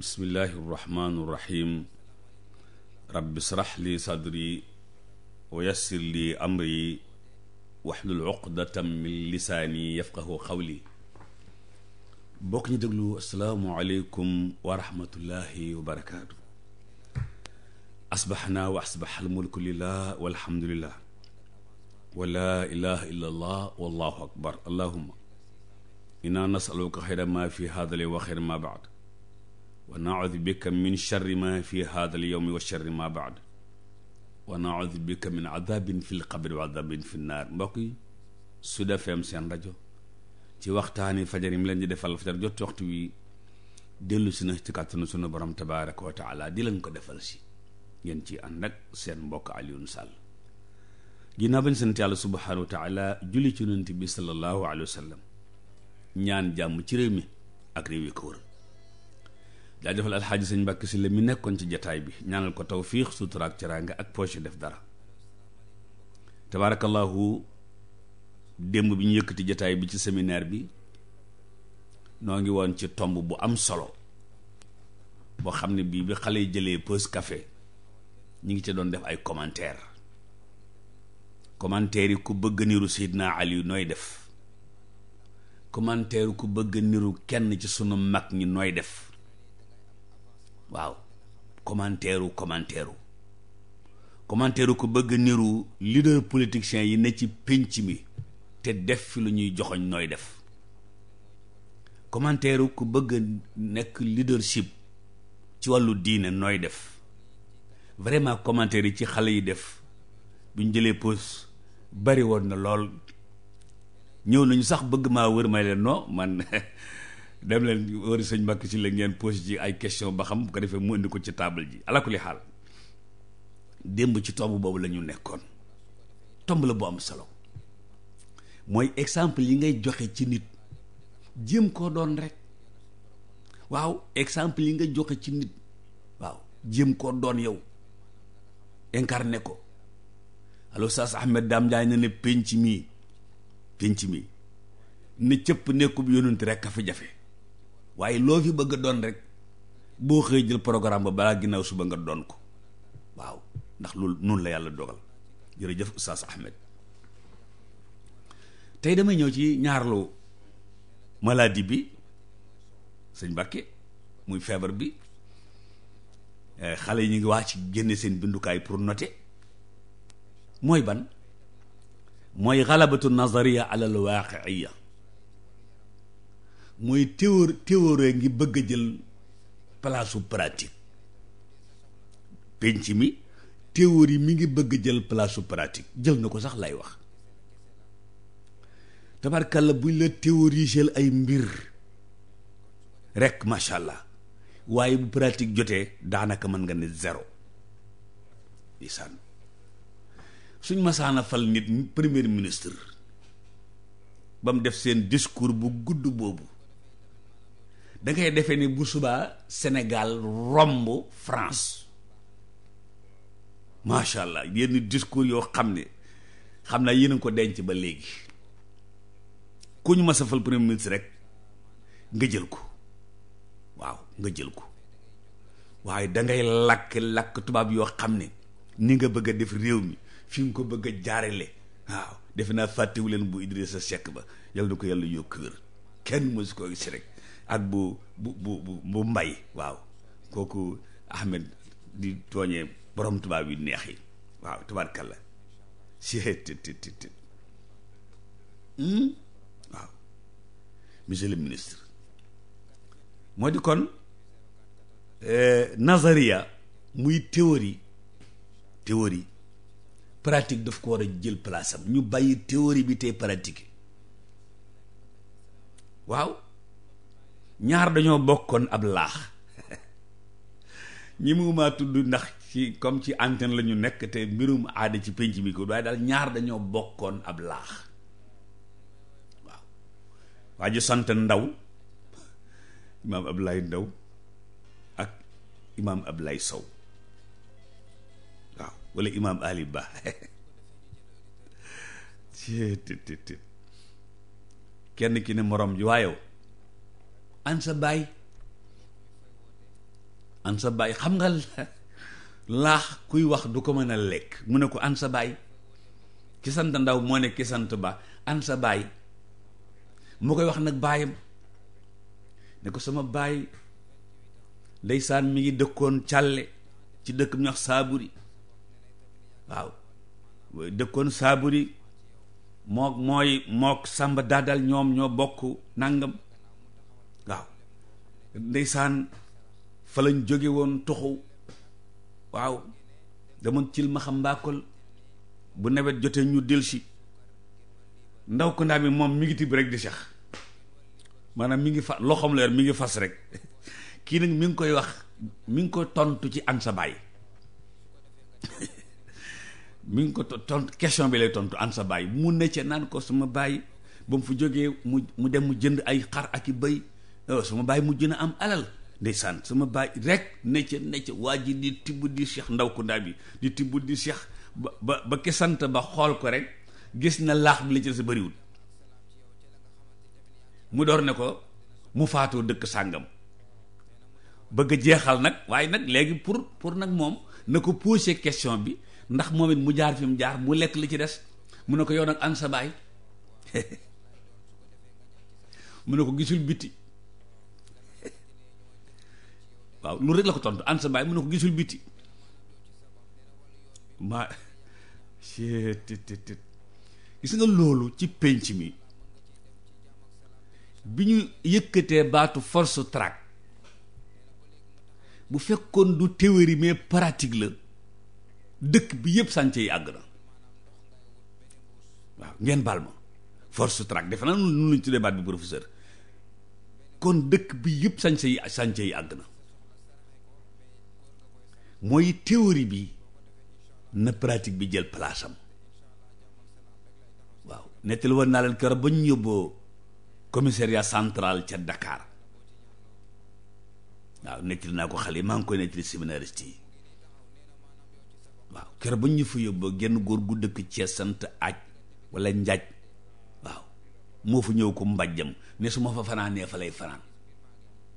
bismillahi irrahmani irrahim rabbi srax li sadri wa yassir li amri waxlul uqdatam min lisaani yafqahu qawli bokk ñu déglu asalaamualeykum wa rahmatullahi wa barakaatu asbaxnaa wa asbaxal mulku lillah walhamdulillah wa laa ilaha illa allah wallahu akbar allahuma inna nasaluka xayra ma fi haadale wa xayra ma baad wa naudu bika min charri ma fi hada al wa charri ma baad wa naudu bika min adabin fi lqabri wa adabin fi nnaar mbokk yi su FM seen rajo ci waxtaani fajar yi mu leen di defal fajar jot waxtu wi dellu si na ci kàttanu sunu borom tabaraka wa taala di leen ko defal si ngeen ci ànd seen mbokk Alioune Sall ginnaaw bañ sant yàlla subhaanahu wa taala julli ci yonent bi sallallahu alayhi wa ñaan jàmm ci réew mi ak réew yi ko wër daa defal alxaaji sëñ Mbàkke si la mu nekkoon ci jataay bi ñaanal ko tawfiix sutura ak teraanga ak poche def dara tabaarakallaahu démb bi ñu yëkkati jataay bi ci séminaire bi noo ngi woon ci tomb bu am solo boo xam ne bii bi xale yi jëlee pause kafe ñi ngi ci doon def ay commentaire commentaire yi ku bëgg niru Seydina Aliou nooy def commentaire ku bëgg niru kenn ci sunu mag ñi nooy def waaw commentaire u commentaire u bëgg niru leader politicien yi ne ci pénc mi te def fi lu ñuy joxoñ nooy def commentaire ko bëgg nekk leadership ci wàllu diine nooy def vraiment commentaire yi ci xale yi def bu ñu jëlee pause bari woon na lool ñëw nañu sax bëgg maa wër may leen noo man dem leen wëri sëñ Mbàkke si la ngeen posé ci ay question ba xam bu ko defee mu indi ko ci table ji alakuli xaal démb ci tomb boobu la ñu nekkoon tomb la bu am solo mooy exemple yi ngay joxe ci nit jéem koo doon rek waaw exemple yi nga joxe ci nit waaw jéem koo doon yow ne ko allo Saas Ahmed Dame Ndiaye na ne penc mii penc mii ne cëpp nekkub yonent rek a fi jafe waaye loo fi bëgg doon rek boo xëy jël programme ba balaa ginnaaw suba nga doon ko waaw ndax loolu noonu la yàlla dogal jërëjëf Oustaz Ahmed tey damay ñëw ci ñaarlu maladie bi sëñ Mbàkke muy feebar bi eh, xale yi ñu ngi wax ci génne seen bindukaay pour noter mooy ban mooy xalabatu nazariya ala al mooy théorie théorie ngi bëgg a jël place su pratique penc mi yi mi ngi bëgg a jël place su pratique jël na ko sax lay wax tabarkàlla buñ la théoriseel ay mbir rekk macha allah waaye bu pratique jotee daanaka mën nga ne zéro di sànn suñ masaana fal nit premier ministre ba mu def seen discours bu gudd boobu dangay ngay defee ni bu subaa Sénégal romb France macha allah yenn discours yoo xam ne xam naa yéen a ko denc ba léegi ku ñu mas a fal premier ministre rek nga jël ko waaw nga jël ko waaye da ngay lakk lakk tubaab yoo xam ni ni nga bëgg a def réew mi fi nga ko bëgg a jaarale waaw defe naa fàttewu leen bu sa Seck ba yàlla na ko yàlla yokk wér kenn mësu ko gis rek ak bu bu bu bu mbay waaw kooku Ahmed di tooñee boroom tubaab yi neex yi waaw tubaarkalla si tit tit tit hmm? waaw monsieur le ministre moo di kon eh, nazaria muy théorie théorie pratique daf ko war a jël place ñu bàyyi théorie bi tey pratique waaw ñaar dañoo bokkoon ab laax ñi mumaa tudd ndax ci comme ci antenne la ñu nekk te mbirum aada ci pénc mi ko waaye daal ñaar dañoo bokkoon ab laax waaw waa ji ndaw imaam Ablaye Ndaw ak imaam Ablaye Sow waaw wala imaam Ali Ba kenn ki ne morom ji waayow an sa baay an baay xam nga laax kuy wax du ko mën a lekk mu ne ko ansa sa baay ki sant ndaw moo ne ki sant ba an sa baay mu koy wax nag baayam ne ko sama baay ndeysaan mi ngi dëkkoon càlle ci dëkk bu ñuy wax saaburi waaw dëkkoon saaburi mook mooy mook sàmba daadal ñoom ñoo bokk nangam waaw ndeysaan fa lañ jóge woon toxu waaw damoon cil ma xam mbaakol bu nawet jotee ñu delsi ndaw ku ndaa bi moom mi ngi tibb rek di sax maanaam mi ngi fa loxoom leer mi ngi fas rek kii nag mi ngi koy wax mi ngi koy tontu ci am sa bàyyi mi ngi ko tontu question bi lay tontu an sa baay mu ne ca naan ko sama baay ba mu fu jógee mu mu dem mu jënd ay xar ak i bëy oh, sama baay mu jën a am alal ndeysaan sama baay rek ne ca ne ca waa ji di tibb di Cheikh ndaw kundaa bi di tibb di Cheikh ba ba ba ki sant ba xool ko rek gis na laax bi la ci sa bëriwul mu door ne ko mu faatoo dëkk sàngam bëgg jeexal nag waaye nag léegi pour pour nag moom na ko poser question bi ndax moom it mu jaar fi mu jaar mu lekk li ci des mu ne ko yow nag an baay mu ne ko gisul biti waaw lu rek la ko tontu an ko gisul bitti ma gis nga loolu ci pénc mi bi ñu yëkkatee baatu force track bu fekkoon du théorie mais pratique la dëkk bi yëpp sànce yi àgg na waaw ngeen baal ma force track defe naa nu lañ tuddee baat bi professeur kon dëkk bi yëpp sànce yi sànce yi àgg na mooy théorie bi na pratique bi jël place am waaw nettali woon naa leen keroog ba ñu yóbboo commissariat central ca Dakar waaw nettali naa ko xale yi maa ngi koy nettali séminariste yi waaw kër ba ñu fa yóbbu genn góor gu dëkk cee sant aj wala njaaj waaw moo fa ñëw ko mbàjjam ne su ma fa fanaanee fa lay fanaan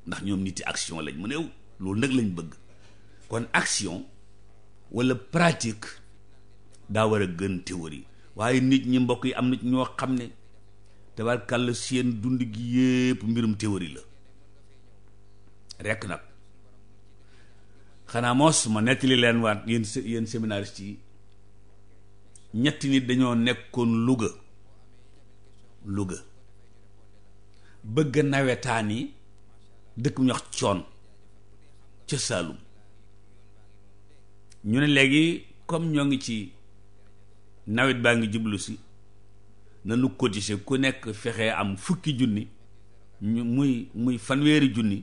ndax ñoom niti action lañ mu new loolu nag lañ bëgg kon action walla pratique daa war a gën théorie waaye nit ñi mbokk yi am na ñoo xam ne tabarkàlla seen dund gi yépp mbirum théorie la rekk nag xanaa mos ma nettali leen waat yéen yéen séminariste yi ñetti nit dañoo nekkoon Louga Louga bëgg nawetaani dëkk bu ñu coon ca Saalum ñu ne léegi comme ñoo ngi ci nawet baa ngi jublu si nanu cotiser ku nekk fexee am fukki junni muy muy fanweeri junni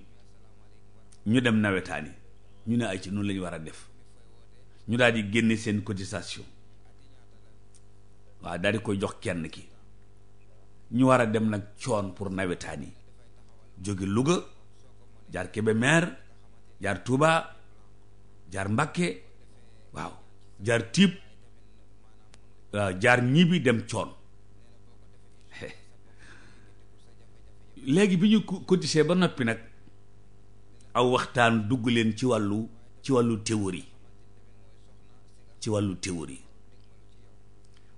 ñu dem nawetaani ñu ne ay ci noonu la war a def ñu daal di génne seen cotisation waaw daal di koy jox kenn ki ñu war a dem nag coon pour nawetaan yi jóge Louga jaar Kébémer jaar Touba jaar mbakke waaw jaar Tiib jaar ñibi dem coon léegi bi ñu cotisé ba noppi nag aw waxtaan dugg leen ci wàllu ci wàllu théorie ci wàllu théorie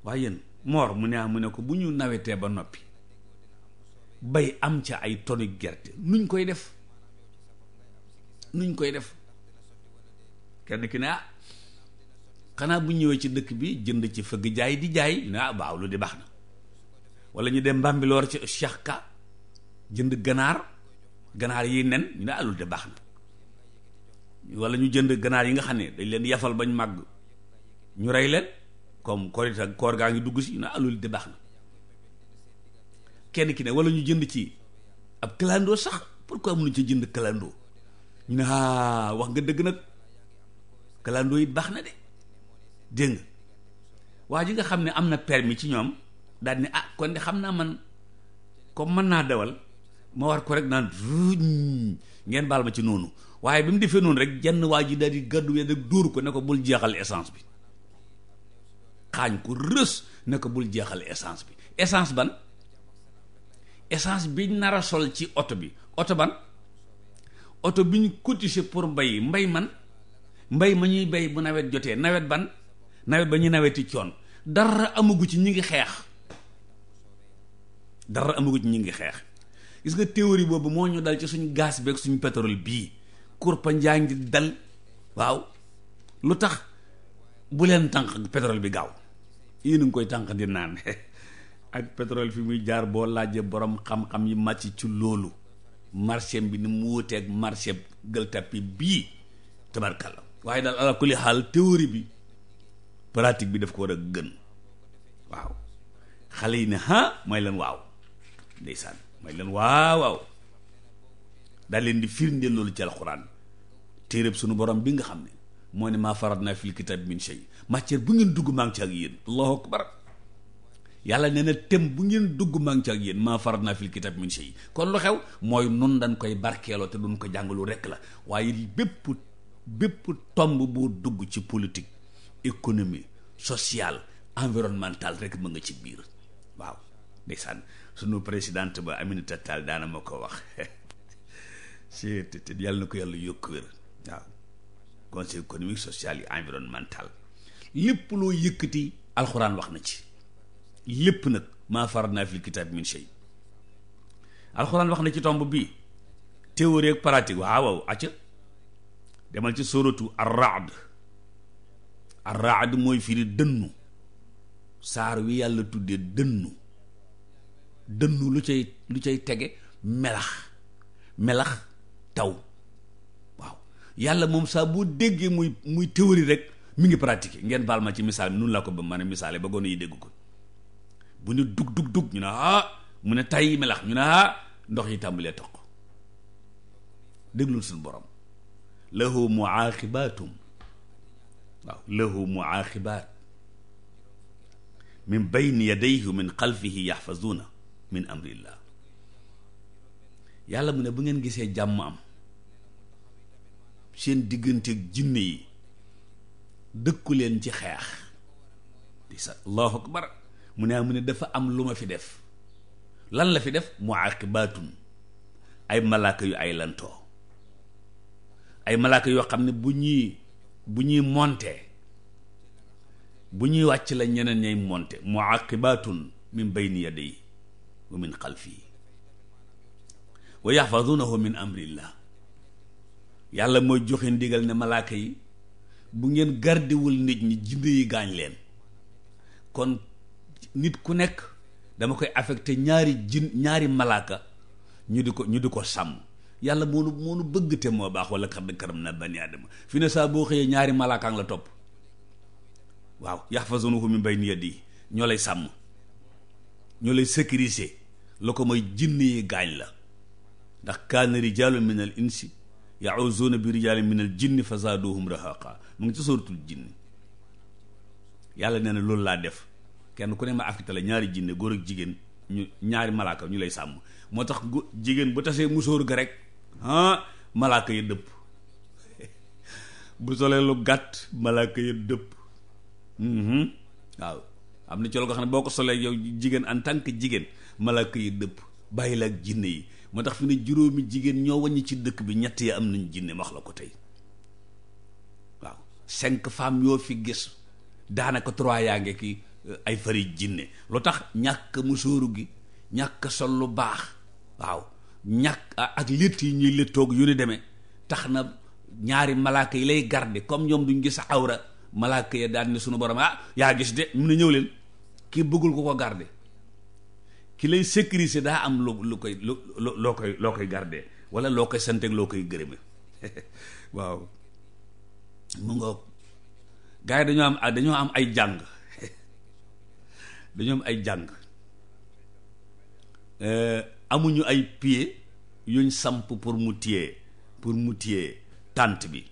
waaye yéen moor mu ne ah mu ne ko bu ñu nawetee ba noppi bay am ca ay toni gerte nuñ koy def nuñ koy def kenn ki ne ah xanaa bu ñëwee ci dëkk bi jënd ci fëgg jaay di jaay ñu ne ah baaw lu di baax na wala ñu dem Mbambilor ci Cheikh Ka jënd ganaar ganaar yi nen ñu ne alul de baax na wala ñu jënd ganaar yi nga xam ne dañ leen yafal bañ màgg ñu rey leen comme korit ak koor gaa ngi dugg si ñu ne alul de baax na kenn ki ne wala ñu jënd ci ab kalandoo sax pour pourquoi mënuñ ci jënd kalandoo ñu ne ah wax nga dëgg nag kalandoo yi baax na de dégg waa ji nga xam ne am na permis ci ñoom daal ne ah kon de xam naa man comme mën naa dewal ma war ko rek naan ngeen baal ma ci noonu waaye bi mu defee noonu rek jenn waa ji daal di gàddu wee rek dóor ko ne ko bul jeexal essence bi xaañ ko rës ne ko bul jeexal essence bi essence ban essence bi nar a sol ci oto bi oto ban oto bi ñu cotisé pour mbay mbay man mbay ma ñuy bay bu nawet jotee nawet ban nawet ba ñuy naweti coon dara amagu ci ñu ngi xeex dara amagu ci ñu ngi xeex gis nga théorie boobu moo ñu dal ci suñu gaz beeg suñu pétrole bii kurpa njaa ngi dal waaw lu tax bu leen tànq pétrole bi gaaw yéen a ngi koy tànq di naan ak pétrole fi muy jaar boo laajee borom xam-xam yi màcc ci loolu marché bi ni mu wuuteeg marché Gueule Tapée bii tabarkalla waaye daal ala kulli xaal théorie bi pratique bi daf ko war a gën waaw xale yi ne ha mooy leen waaw may leen waaw waaw daal leen di firndeel loolu ci alxuraan téeréb sunu borom bi nga xam ne moo ne maa farat naa fil kitab min shay matière bu ngeen dugg maa ngi ci ak yéen allahu akbar yàlla nee na tem bu ngeen dugg maa ngi ci ak yéen maa farat naa fil kitab min shay kon lu xew mooy nun dañ koy barkeeloo te duñ ko jàngalu rek la waaye bépp bépp tomb boo dugg ci politique économie social environnementale rek mën nga ci biir waaw ndeysaan sunu présidente ba Aminata Tall daana ma ko wax si yàlla na ko yàlla yokk wér waaw conseil économique social et environnemental lépp loo yëkkati alxuraan wax na ci lépp nag maa faratnaa fil kitaab min shay alxuraan wax na ci tomb bii théorie ak pratique waaw waaw acca demal ci sóoratu ar-ra'd mooy firi dënnu saar wi yàlla tuddee dënnu dënnu lu cay lu cay tege melax melax taw waaw yàlla moom saa boo déggee muy muy théorie rek mu ngi pratiqué ngeen baal ma ci misaal bi noonu laa ko ba ma ne misaale ba gone yi dégg ko bu ñu dug dug dug ñu ne ah mu ne tay melax ñu ne ah ndox yi tàmbalee toq déglul suñu borom lahu muaqibatum waaw lahu muaqibat min bayni yadayhi min xalfihi yaxfazuuna min amrillah yàlla mu ne bu ngeen gisee jàmm am seen diggante jinne yi dëkku leen ci xeex di sa allahu akbar mu ne mu ne dafa am lu ma fi def lan la fi def mu aqibaatun ay malaaka yu ay lantoo ay malaaka yoo xam ne bu ñuy bu ñuy monte bu ñuy wàcc la ñeneen ñay monte mu aqibaatun min bayni yadayhi wa min xalfihi wa yaxfadunahu min amrillah yàlla mooy joxe ndigal ne malaaka yi bu ngeen gardewul nit ñi jinne yi gaañ leen kon nit ku nekk dama koy affecté ñaari jin ñaari malaaka ñu di ko ñu di ko sàmm yàlla moo nu moo nu bëgg te moo baax wala xar karam na bani aadama fi ne saa boo xëyee ñaari malaaka nga la topp waaw yaxfazunahu min bayni yadihi ñoo lay sàmm ñoo lay sécuriser la ko mooy jinne yi gaañ la ndax kaana rijaalun min al insi ya'uuzuuna bi rijaalin min al jinni fa zaaduuhum rahaqa mu ngi ci sóoratul jinni yàlla nee na loolu laa def kenn ku ne ma afrita la ñaari jinne góor ak jigéen ñu ñaari malaaka ñu lay sàmm moo tax gu jigéen bu tasee musóor ga rek ah malaaka ya dëpp bu solee lu gàtt malaaka ya dëpp mm-hmm. waaw am na cool loo xam ne boo ko solee yow jigéen en tant jigéen malaka yi dëpp bàyyi la ak jinne yi moo tax fi ne juróomi jigéen ñoo wàññi ci dëkk bi ñett yi am nañ jinne wax la ko tey waaw cinq femmes yoo fi gis daanaka trois yaa ngi ki euh, ay fari jinne lu tax ñàkk musóoru gi ñàkk sol lu baax waaw ñàkk ak létt yi ñuy léttoog yu ni demee tax na ñaari malaaka yi lay garde comme ñoom duñ gis awra malaaka ya daan ne sunu borom ah yaa gis de mun na ñëw leen kii bëggul ko ko garde ki lay sécuriser daa am lu lu koy loo koy loo koy garder wala loo koy sant ak loo koy gërëme waaw mu ngoog gars yi dañoo am dañoo am ay jàng dañoo am ay jàng euh, amuñu ay pied yuñ samp pour mu tiye pour mu tiye tànt bi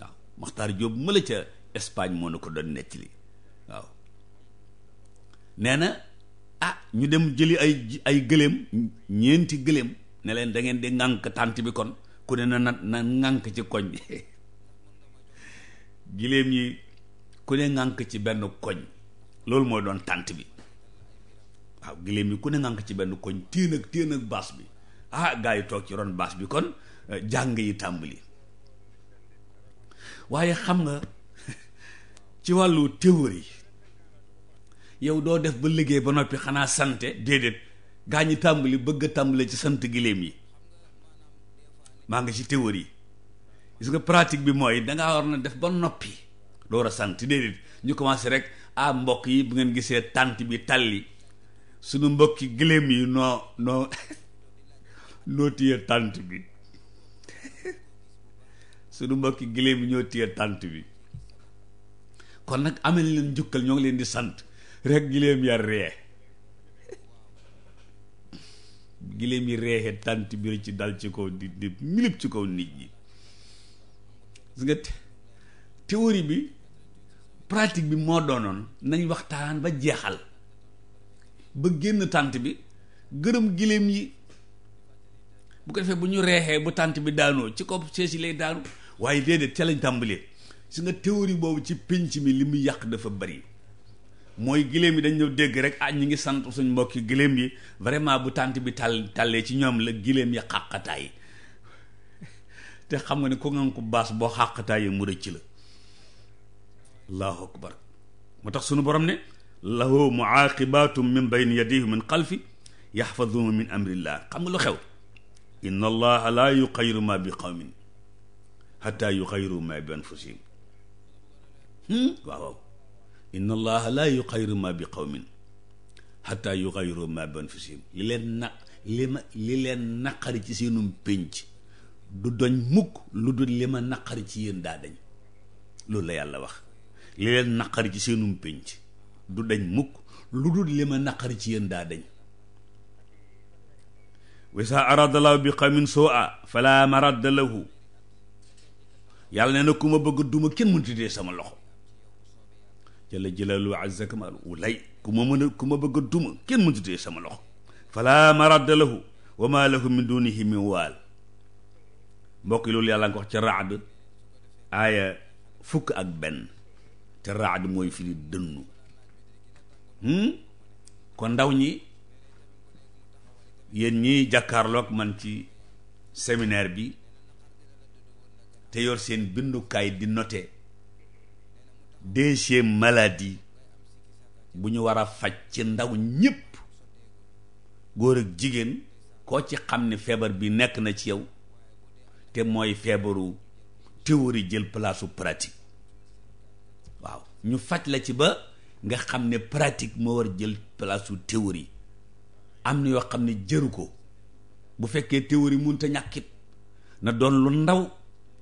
waaw Maxtaar Jóob mala ca Espagne moo na ko doon nettali waaw nee a ah, ñu dem jëli ay ay gëléem ñeenti gëléem ne leen da ngeen di ŋànk tànt bi kon ku ne na na ŋànk ci koñ bi gëléem yi ku ne ŋànk ci benn koñ loolu mooy doon tànt bi waaw gëléem yi ku ne ŋànk ci benn koñ téen ak téen ak baas bi ah gaa yi toog ci ron baas bi kon eh, jàng yi tàmbali waaye xam nga ci wàllu théorie yow doo def ba liggéey ba noppi xanaa sante déedéet gaa ñi tàmbali bëgg a tàmbale ci sant giléem yi maa ngi ci yi gis nga pratique bi mooy dangaa war na def ba noppi door a sant déedéet ñu commencé rek ah mbokk yi bu ngeen gisee tànt bi tàlli suñu mbokki giléem yi noo noo noo téye tànt bi suñu mbokki giléem yi ñoo téye tànt bi kon nag amee leen njukkal ñoo ngi leen di sant rek giléem ya ree giléem yi reexe tànt bi ci dal ci kaw ci kaw nit ñi gis nga théorie bi pratique bi moo doonoon nañ waxtaan ba jeexal ba génn tànt bi gërëm giléem yi bu ko defee bu ñu reexee bu tànt bi daanoo ci kaw sees yi lay daanu waaye déedéet ca lañ tàmbalee gis nga théorie boobu ci pénc mi li muy yàq dafa bari mooy giléem yi dañ ñëw dégg rek ah ñu ngi sant suñu mbokki giléem yi vraiment bu tànt bi tàll tàllee ci ñoom la giléem ya xàqataay te xam nga ni ku nga ko baas boo xàqataay mu rëcc la allahu akbar moo tax sunu borom ne lahu muaqibatum min bayni yadihi min xalfi yaxfaduhu min xam nga lu xew inna allaha la yuxayiru ma waaw inna allaha laa yuxayyiru ma bi qawmin xataa yuxayyiru ma bi anfusihim li leen na li ma li leen naqari ci seenum pénc du doñ mukk lu dul li ma naqari ci yéen daa dañ loolu la yàlla wax li leen naqari ci seenum pénc du dañ mukk lu dul li ma naqari ci yéen daa dañ wa izaa araada llaahu bi qawmin suu'an falaa maradda lahu yàlla nee na ku ma bëgg duma kenn mënut sama loxo jëla jëlalu azza kamal wulay ku ma mën a ku ma bëgg a duma kenn mënut a sama loxo fala maradda lahu wa ma lahu min dunihi min waal mbokk yi loolu yàlla nga wax ca raad aaya fukk ak benn te raad mooy firi dënnu hmm? kon ndaw ñi yéen ñi jàkkaarloog man ci seminaire bi te yor seen bindukaay di noter deuxième maladie bu ñu war a faj ci ndaw ñépp góor ak jigéen koo ci xam ne feebar bi nekk na ci yow te mooy feebaru théorie jël place su pratique waaw ñu faj la ci ba nga xam ne pratique moo war jël place su théorie am na yoo xam ne jëru ko bu fekkee théorie mënut a ñàkkit na doon lu ndaw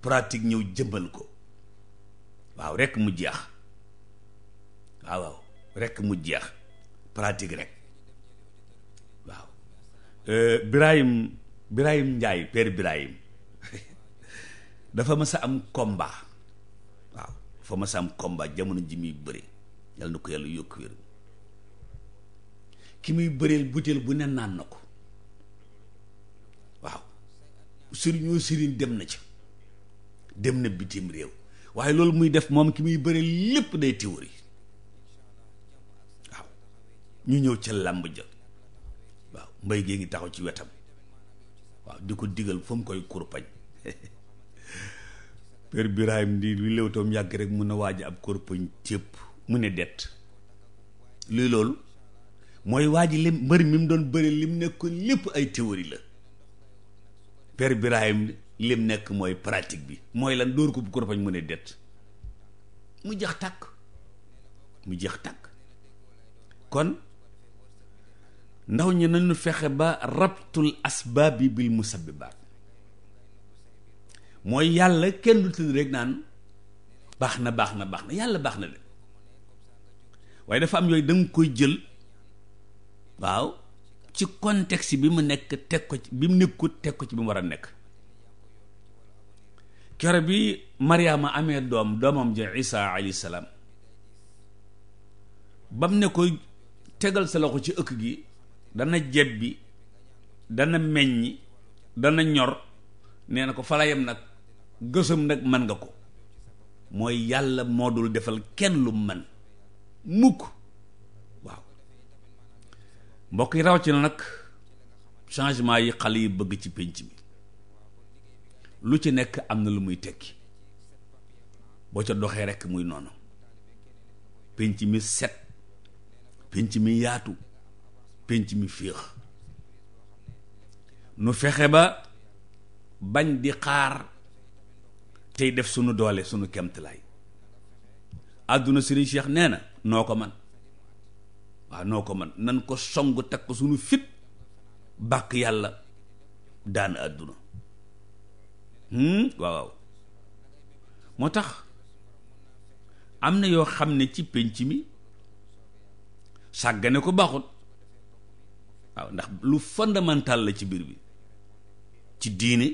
pratique ñëw jëmbal ko waaw rekk mu jeex Ah, waaw waaw mu jeex pratique rek waaw euh, Birahim Birahim Njaay père Birahim dafa mës am komba waaw dafa mës a am combat jamono ji muy bëri yàlla na ko yàlla yokk wér ki muy bëreel butéel bu ne naan na ko waaw sëriñoo sëriñ dem na ci dem na bitim réew waaye loolu muy def moom ki muy bëreel lépp day théorie ñu ñëw ca làmb ja waaw mbay gee ngi taxaw ci wetam waaw di ko digal fa mu koy kurpañ Père Birahim di lu léewtoom yàgg rek mun na waaj ab kurpañ cépp mu ne det luy loolu mooy waa ji lim mi mu doon bëri lim nekkoon lépp ay théorie la Père Birahim lim nekk mooy pratique bi mooy lan dóor ko bu kurpañ mu ne det mu jeex tàkk mu jeex tàkk kon ndaw ñi nañu fexe ba rabtul asbaabi bil musabbibaat mooy yàlla kenn du tëdd rek naan baax na baax na baax na yàlla baax na de waaye dafa am yooyu da koy jël waaw ci contexte bi mu nekk teg ko ci bi mu nekkut teg ko ci bi mu war a nekk kero bi Mariama amee doom doomam ja Isa alayhi salaam ba mu ne koy tegal sa loxo ci ëkk gi dana jebbi dana meññi dana ñor nee na ko falayam nag gësëm nag mën nga ko mooy yàlla moo dul defal kenn lu mën mukk waaw mbokk yi rawatina nag changement yi xale yi bëgg ci pénc mi lu ci nekk am na lu muy tekki boo ca doxee rekk muy noonu pénc mi set pénc mi yaatu pénc mi féex nu fexe ba bañ di xaar tey def sunu doole sunu kemtalaay àdduna sëriñ Cheikh nee na noo ko man waaw noo ko man nan ko song takk sunu fit bàkk yàlla daan àdduna hmm? waaw moo tax am na yoo xam ne ci pénc mi sàggane ko baaxut waaw ndax lu fondamental la ci biir bi ci diini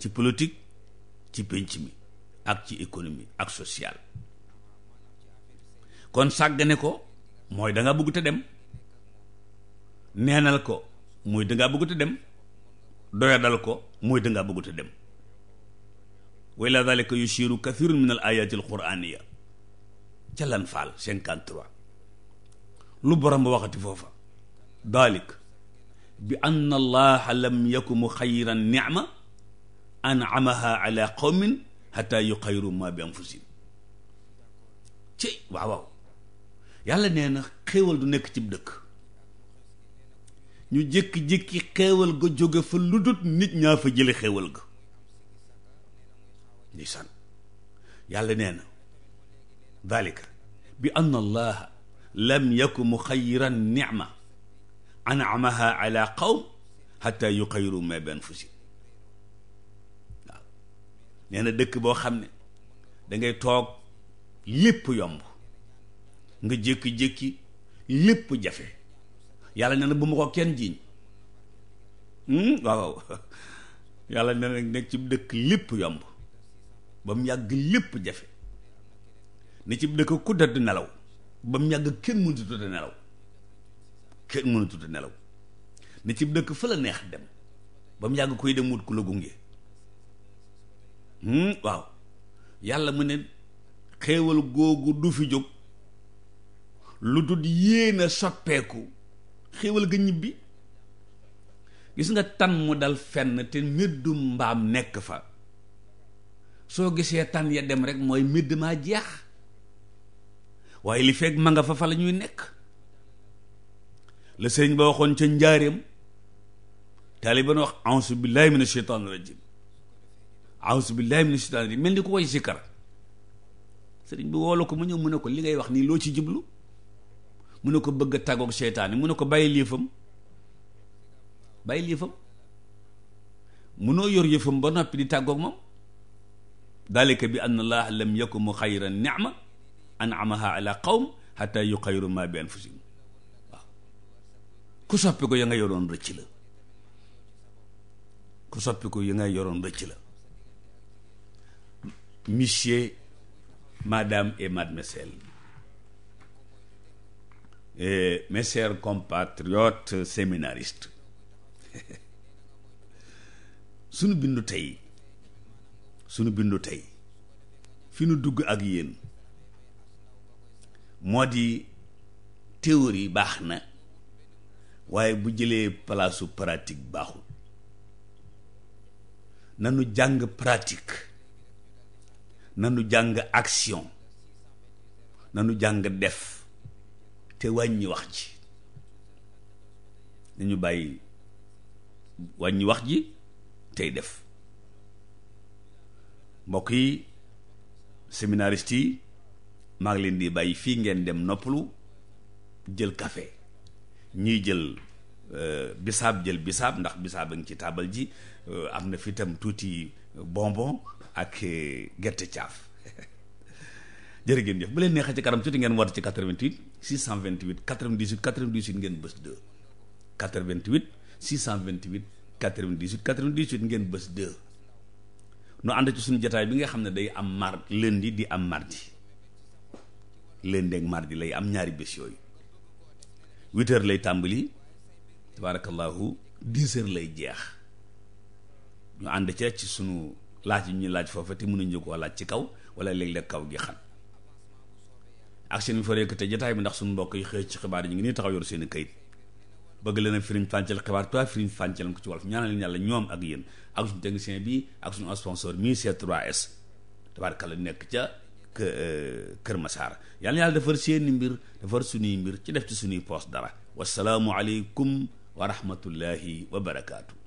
ci politique ci pénc mi ak ci économie ak social kon sàggane ko mooy danga nga bëgg te dem neenal ko mooy danga ngaa bëgg te dem doyadal ko mooy da ngaa bëgg te dem wa ila dalika yushiru kathirun min al ayati al quraniya ca lan faal 53 lu borom ba waxati foofa dalik bi ann allaha yk yaku muxayira nicma anamaha ala qawmin xata yuxayiru ma bi ci waaw waaw nee na xéewal du nekk ci dëkk ñu jékki-jékki xéewal ga jóge fa lu nit ñaa fa jële xéewal ga ndeysaan yàlla nee na dalika bi ann allaha lam yaku muxayiran nicma anamaha ala qawm hatta yuqayyiru ma bi anfusihim waaw nee na dëkk boo xam ne dangay toog lépp yomb nga jékki-jékki lépp jafe yàlla nee na bu ma ko kenn jiiñ hmm? waaw yàlla nee nekk ci dëkk lépp yomb ba mu yàgg lépp jafe ne ci dëkk ku dëdd nelaw ba mu yàgg kenn mënut a nelaw kenn mënu tudd nelaw ne ci dëkk fa la neex dem ba mu yàgg koy dem wut ku la gunge hmm, waaw yàlla mu ne xéewal googu du fi jóg lu dul yéena soppeeku xéewal ga ñibbi gis nga tan mu dal fenn te middu mbaam nekk fa soo gisee tan ya dem rek mooy midd maa jeex waaye li fekk ma nga fa fa la nekk la sëriñ ba waxoon ca njaareem taaliban wax auzu billahi min asheytaan rajim auzu billahi min asheytaan rajim mel ni ku koy sikkar sëriñ bi woola ko mu ñëw mu ne ko li ngay wax nii loo ci jublu mu ne ko bëgg a tàggoog seytaane mu ne ko bàyyi liifam bàyyi liifam munoo yor yëfam ba noppi di tàggoog ma dalika bi anna allah lam yakum xayra nicma anamaha ala qawm xata yuxayru ma bi anfusihim ku soppi ko ya nga yoroon rëcc la ku soppi ko ya nga yoroon rëcc la monsieur madame et mademoiselle et eh, mes chers compatriotes séminaristes sunu bindu tey sunu bindu tey fi nu dugg ak yéen moo di théorie baax na waaye bu jëlee palaasu pratique baaxul nanu jàng pratique nanu jàng action nanu jàng def te wàññi wax ji nañu bàyyi wàññi wax ji tey def mbokk yi seminarist yi maa ngi leen di bàyyi fii ngeen dem noppalu jël kafe ñuy jël euh, bisaab jël bisaab ndax bisaab a ngi ci taabal ji euh, am na fi tam tuuti bonbon ak euh, gerte caaf jërë ngeen jëf bu leen neexee ci kanam tuuti ngeen war ci 88 628 98 98 ngeen bës 2 88 628 98 98 ngeen bës 2 nu ànd ci suñu jataay bi nga xam ne day am mar lundi di am mardi lundi ak mardi lay am ñaari bés yooyu huit lay tàmbali tabaarakallaahu dix heures lay jeex ñu ànd ci ci sunu laaj yi ñuy laaj foofu te mun mënuñu koo laaj ci kaw wala léeg-léeg kaw gi xan ak seen fa rekk te jotaay bi ndax suñu mbokk yi xëy ci xibaar yi ñu ngi nii taxaw yoru seen i kayit bëgg leen a firiñ fàncal xibaar toi firiñ fàncal ko ci wolof ñaanal leen yàlla ñoom ak yéen ak suñu technicien bi ak suñu sponsor mi C3S tabaarkalla nekk ca E, Kër Massar yal na yàlla defar seeni mbir defar suñuy mbir ci def ci suñuy poos dara wasalaamualeykum wa rahmatullahi wa barakaatu.